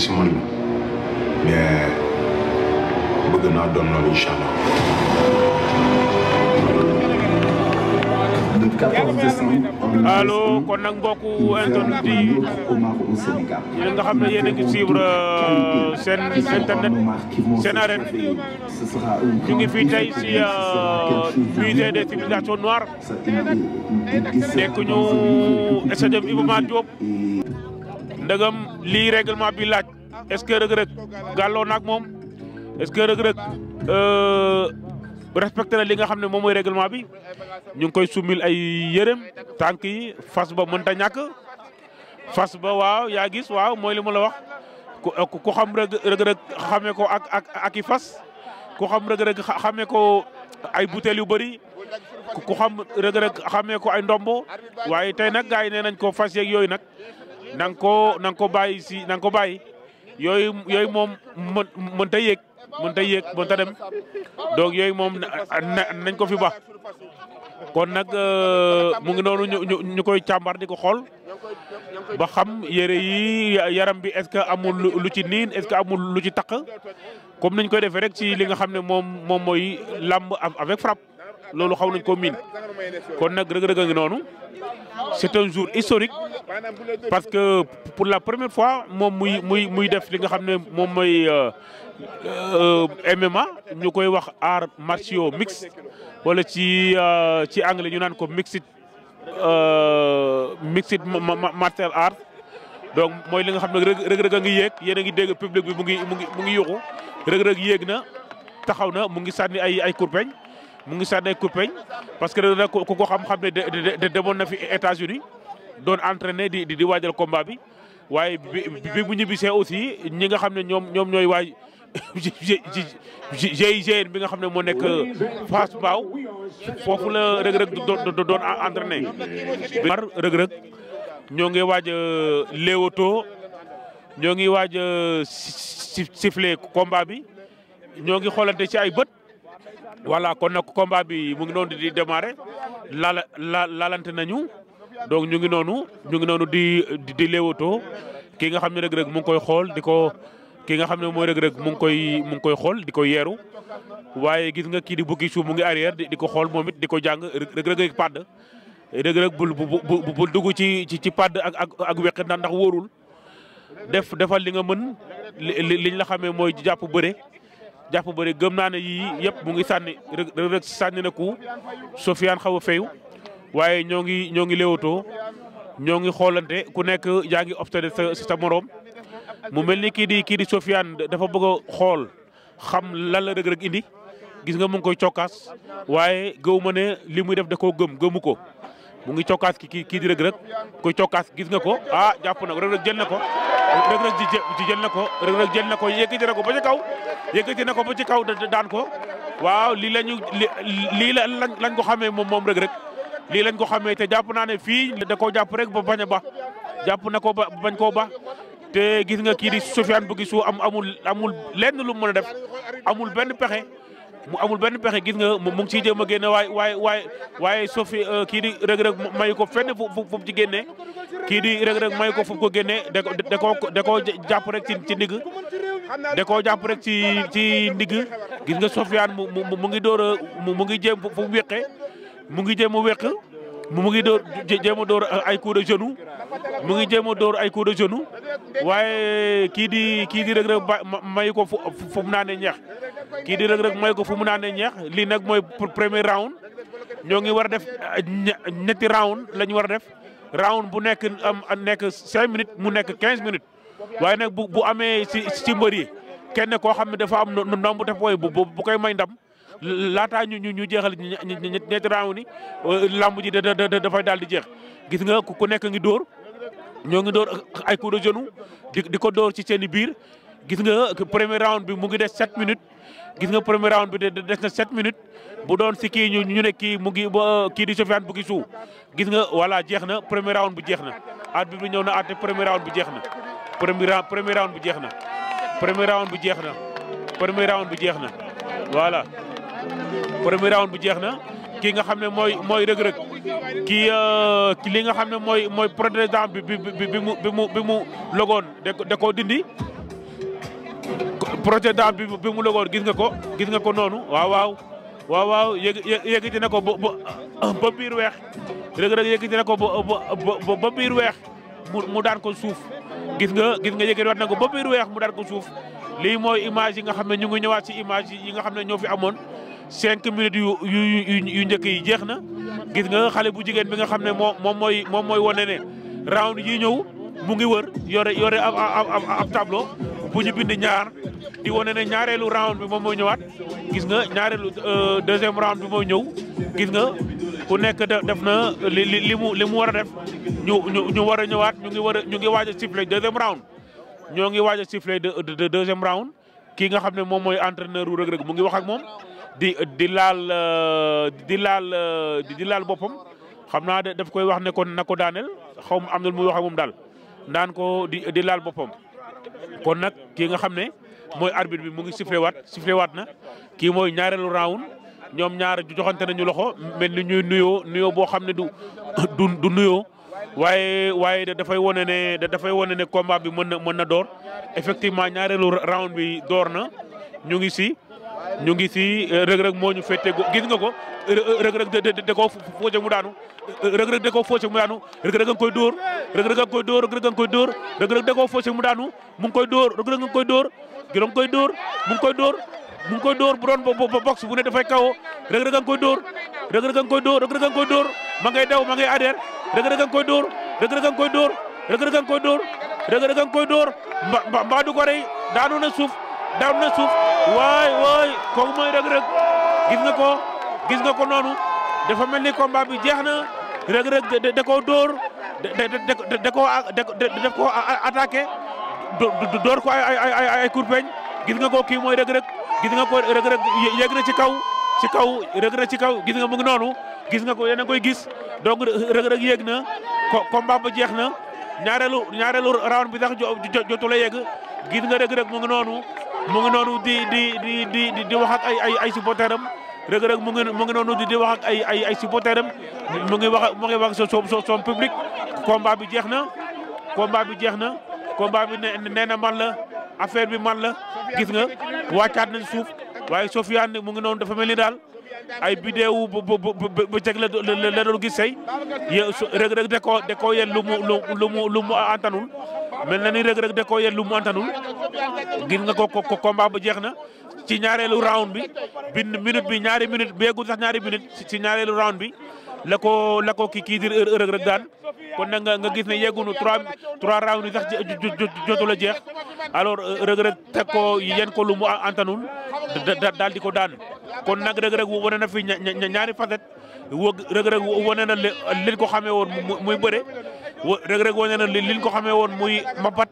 si man la bëgg naa doon loolu incha allah. allo kon nag mbokku internet yi nga xam ne yéen a ngi suivre euh, seen internet seen arène ngi fii tey si euh, musée des civilisations noires nekk ñu stade Iba Mar Diop ndëgam lii règlement bi laaj est-ce que Reug Reug moom est-ce que Reug Reug euh, li nga xam ne moom mooy règlement bi ñu ngi koy sumil ay yërëm tànk yi fas ba mënta ñàkk fas ba waaw yaa gis waaw mooy li ma wax ku ku xam Reug Reug xamee ko ak ak ak i fas ku xam Reug Reug xamee ko ay butéel yu bëri ku xam Reug Reug xamee ko ay ndombo waaye tey nag gars yi nee nañ ko fas yeeg yooyu nag na nga koo ko bàyyi si na nga ko bàyyi yooyu yooyu moom mën mënta yéeg mënta yéeg mënta dem donc yooyu moom nañ ko fi ba kon nag euh, mu ngi noonu ñu koy càmbar di ko xool ba xam yére yi yaram bi est-ce que amul lu ci niin est-ce amul lu ci taq comme nañ koy defee rek si li nga xam ne moom moom lamb làmb avec frappe loolu xaw nañ ko miin kon nag rëg-rëg a ngi noonu c'est un jour historique parce que pour la première fois moom muy muy muy def li nga xam ne moom mooy euh, euh, MMA ñu koy wax art martiaux mix wala ci euh, ci anglais ñu naan ko mixed mixed martial art donc mooy li nga xam ne Reug Reug a ngi yéeg yéen a ngi dégg public bi mu ngi mu ngi mu ngi yuxu Reug Reug yéeg na taxaw na mu ngi sànni ay ay kurpeñ mu ngi sànnee coupeñ parce que dana ko xam-xam de demoon na fi États-Unis doon entraîné di di waajal combat bi waaye bi bi mu ñibbisee aussi ñi nga xam ne ñoom ñoom ñooy waaj GIGN bi nga xam ne moo nekk Fass Mbao foofu la rëg-rëg doon entraîné. mar rëg-rëg ñoo ngi waaj euh, léewato ñoo ngi waaj a euh, sifle combat bi ñoo ngi xoolante ci ay bët. voilà kon nag combat bi mu ngi noonu di démarrer laala la laalante nañu donc ñu ngi noonu ñu ngi noonu di di léewatoo ki nga xam ne Reug Reug mu ngi koy xool di ko ki nga xam ne mooy Reug Reug mu ngi koy mu ngi koy xool di ko yeeru waaye gis nga kii di bukki suuf mu ngi arrière di ko xool moom it di ko jàng Reug Reug padd Reug Reug bul bul dugg ci ci ci padd ak ak ak weqit ndax wóorul def defal li nga mën li liñ la xamee mooy jàpp bëre jàpp bëri gëm naa ne yii yëpp mu ngi sànni rëg rëg sànni na ku Sofiane xaw a feyu waaye ñoo ngi ñoo ngi léewatoo ñoo ngi xoolante ku nekk yaa ngi observé sa sa morom mu mel ni kii di kii di Sofiane dafa bëgg xool xam lan la rëg rëg indi gis nga mu ngi koy cokkaas waaye gëw ma ne li muy def da ko gëm gëmu ko mu ngi cokkaas ki kii di rëg rëg koy cokkaas gis nga ko ah jàpp na rëg rëg jël na ko Reug Reug ji jël na ko Reug Reug jël na ko yëkkati na ko ba ci kaw yëkkati na ko ba ci kaw daan ko waaw lii la ñu lii la lañ ko xamee moom moom Reug Reug lii lañ ko xamee te jàpp naa ne fii da koo jàpp rek ba bañ a ba jàpp na ko ba bañ koo ba te gis nga kii di Sofiane bu gisu am amul amul lenn lu mu mën a def amul benn pexe mu amul benn pexe gis nga mu ngi ciy jéem a génne waaye waaye waaye waaye sofi euh, kii di Reug Reug mayu ko fenn fu fu mu ci génne kii di Reug Reug mayu ko fu mu ko génne da ko da koo rek ci ci ndigg da koo jàpp rek ci ci ndigg gis nga Sofiane mu mu ngi door a mu ngi jéem fu mu wéqee mu ngi jéem a wéq mu ngi dóor jéem a dóor ay coup de mu ngi jéem a dóor ay coup de genou waaye kii di kii di rëg-rëg may ko fu mu naanee ñeex kii di rëg-rëg may ko fu mu naanee ñeex lii nag mooy premier round ñoo ngi war a def eh, ñetti round la war a def round bu nekk am nekk cinq minutes mu nekk quinze minutes waaye nag bu bu amee si si mbër yi kenn koo xam ne dafa am nombu def booy bu bu koy may ndam laataa ñu ñu ñu jeexal ñetti round ni euh, lamb ji da da dafay daal di jeex gis nga ku nekk ngi dóor ñoo ngi dóor ay coup de di ko dóor ci seen biir gis nga premier round bi mu ngi des 7 minutes gis nga premier round bi des na 7 minutes bu doon si kii ñu ñu ne kii mu ngi kii di Sofiane bu ki suuf gis nga wala jeex na premier round bu jeex na at bi ñëw na àtte premier round bu jeex na premier premier round bi jeex na premier round bu jeex na premier round jeex na voilà premier round bu jeex na kii nga xam ne mooy mooy rëg-rëg kii euh, li nga xam ne mooy mooy président bi bi bi mu bi mu bi mu logoon da koo dindi président bi bi mu logoon gis nga ko gis nga ko noonu waaw waaw waaw waaw yëkkati na ko ba ba biir weex rëg-rëg yëkkati na ko ba ba biir weex mu daan ko suuf gis nga gis nga yëkkati waat na ko ba biir weex mu daan ko suuf lii mooy image yi nga xam ne ñu ngi ñëwaat si image yi nga xam ne ñoo fi amoon cinq minutes yu yu yu njëkk yi jeex na gis nga xale bu jigéen bi nga xam ne moo moom mooy moom mooy wane ne round yi ñëw mu ngi wër yore yore ab ab tablo bu ñu bind ñaar di wane ne ñaareelu round bi moom mooy ñëwaat gis nga ñaareelu euh, deuxième round bi mooy ñëw gis nga ku nekk def na li li mu li mu war a def ñu ñu ñu war a ñëwaat ñu ngi war ñu ngi waaj a siffler deuxième round ñoo ngi waaj a siffler de deuxième round kii nga xam ne moom mooy entraîneur u Reug Reug mu ngi wax ak moom di di laal eh, di laal eh, di laal boppam xam naa daf koy wax ne kon na ko daaneel xaw ma am na muy wax ak daal ndaan ko di di laal boppam. kon nag kii nga xam ne mooy arbitre bi mu ngi sifflé waat sifflé waat na kii mooy ñaareelu round ñoom ñaar joxante nañu loxo mel ni ñuy nuyoo nuyoo boo xam ne du du du nuyoo. waaye waaye dafay wane ne dafay wane ne komba bi mën na mën na door effectivement ñaareelu round bi door na ñu ngi si. ñu ngi si rëg-rëg moo ñu féete gis nga ko rëg-rëg de ko foo mu daanu rëg-rëg de ko foo mu daanu rëg-rëg nga koy dóor rëg-rëg nga koy dóor rëg-rëg nga koy dóor rëg-rëg de ko foo mu daanu mu ngi koy dóor rëg-rëg nga koy dóor gilo nga koy dóor mu ngi koy dóor mu ngi koy dóor bu doon ba box bu ne dafay kawo rëg-rëg nga koy dóor rëg-rëg nga koy dóor rëg-rëg nga koy dóor ma ngay daw ma ngay adhère rëg-rëg nga koy dóor rëg-rëg nga koy dóor rëg-rëg nga koy dóor rëg-rëg nga koy dóor mbaa du ko rey daanu na suuf daaw na suuf waay waay kooku mooy Reug Reug gis nga ko gis nga ko noonu dafa mel ni combat bi jeex na Reug Reug da koo dóor da koo daf koo attaqué dóor ko ay ay ay ay kurpeñ gis nga ko kii mooy Reug Reug gis nga ko Reug Reug yegg na ci kaw ci kaw Reug ci kaw gis nga mu ngi noonu gis nga ko yéen a koy gis donc Reug Reug yegg ko combat ba jeex na ñaareelu ñaareelu round bi sax jotu la yegg gis nga Reug Reug mu ngi noonu mu ngi noonu di di di di di wax ak ay ay ay supporteram Reug Reug mu ngi mu ngi noonu di wax ak ay ay ay supporteram mu ngi wax mu ngi wax so so son public combat bi jeex na combat bi jeex na combat bi nee na man la affaire bi man la gis nga wàccaat nañ suuf waaye Sofiane mu ngi noonu dafa mel ni daal ay bidéo bu bu bu bu jëkk la doon gis say Reug Reug de de ko yéen lu lu mu lu mu antanul mel na ni Reug Reug de koo yet lu mu antanul gis nga ko ko combat ba jeex na ci ñaareelu round bi bi minute bi ñaari minute beegul sax ñaari minute ci ñaareelu round bi la ko la ko kii kii di Reug Reug daan kon nag nga gis ne yeggunu trois trois round yi sax jotu la jeex alors euh, Reug Reug ko yen ko lu mu antanul daal di ko daan kon nag Reug Reug wane na fi ñaari facette wo Reug Reug wane na leen ko xamee woon muy bëre Reug Reug wane na liñ ko xamee woon muy mbapat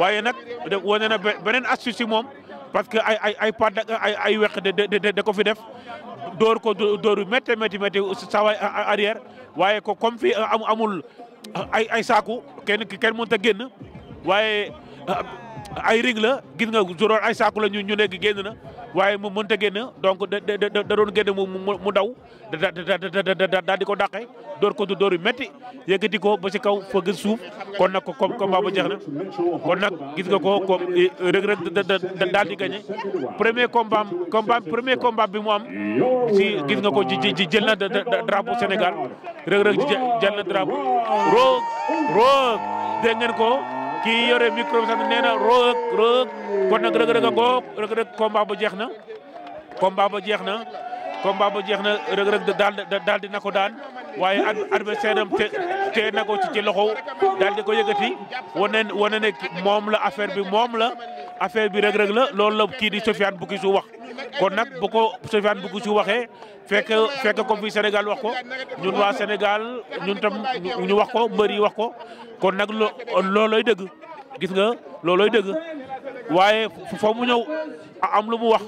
waaye nag wane na beneen astuce si moom parce que ay ay ay pat ay ay weq de da ko fi def dóor ko dooru métti métti métti sawaay arrière waaye ko comme fi amul ay ay saaku kenn kenn mënut a génn waaye ay rig la gis nga juróom ay saaku la ñu ñu nekk génn na waaye mu mënta génn donc da da doon génn mu mu daw da da daal di ko dàqe door ko du door yu métti yëkkati ko ba ci kaw fëgg suuf kon nag ko combat ba jeex na kon nag gis nga ko ko Reug Reug daal di gagné premier combat combat premier combat bi mu am si gis nga ko ci jël na drapeau Sénégal Reug Reug jël na drapeau Roog Roog dégg ngeen ko kii yore micro bi tamit nee na rëg rëg kon nag rëg rëg a ba jeex na combat ba jeex na combat ba jeex na rëg rëg daal daal di na ko daan waaye adversaire am te te na ci ci loxo daal ko yëkkati wane wane moom la affaire bi moom la affaire bi rëg-rëg la loolu la kii di Sofiane Boukissou wax kon nag bu ko Sofiane Boukissou waxee fekk fekk fi Sénégal wax ko ñun waa Sénégal ñun tam ñu wax ko mbër wax ko kon nag loo loolooy dëgg gis nga loolooy dëgg waaye fa mu ñëw am lu mu wax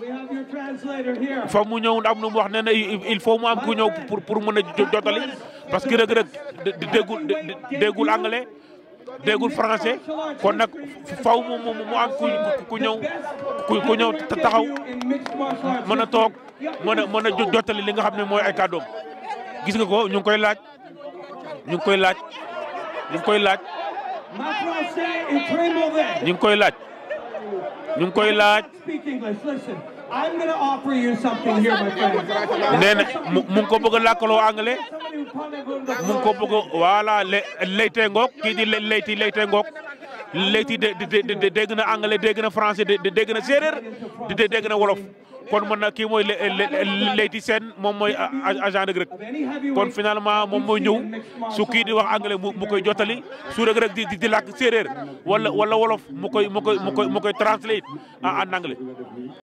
fa mu ñëw am lu mu wax nee na il faut mu am ku ñëw pour pour mën a jotali parce que rëg-rëg déggul déggul déggul français kon nag faw mu mu am ku ku ñëw ku ñëw taxaw mën a toog mën a mën jottali li nga xam ne mooy ay kàddoom gis nga ko ñu ngi koy laaj ñu ngi koy laaj ñu koy laaj ñu koy laaj ñu ngi koy laaj I'm going na mu ngi ko bëgg a làkkaloo anglais mu ngi ko bëgg a voilà leyte ngoog kii di leyti leyte ngoog leyti dégg na anglais dégg na français dégg na séeréer dégg na wolof kon mën na kii mooy leyti seen moom mooy agent Reug Reug kon finalement moom mooy ñëw su kii di wax anglais mu koy jottali su Reug Reug di di làkk séeréer wala wala wolof mu koy mu koy mu koy mu koy translate en anglais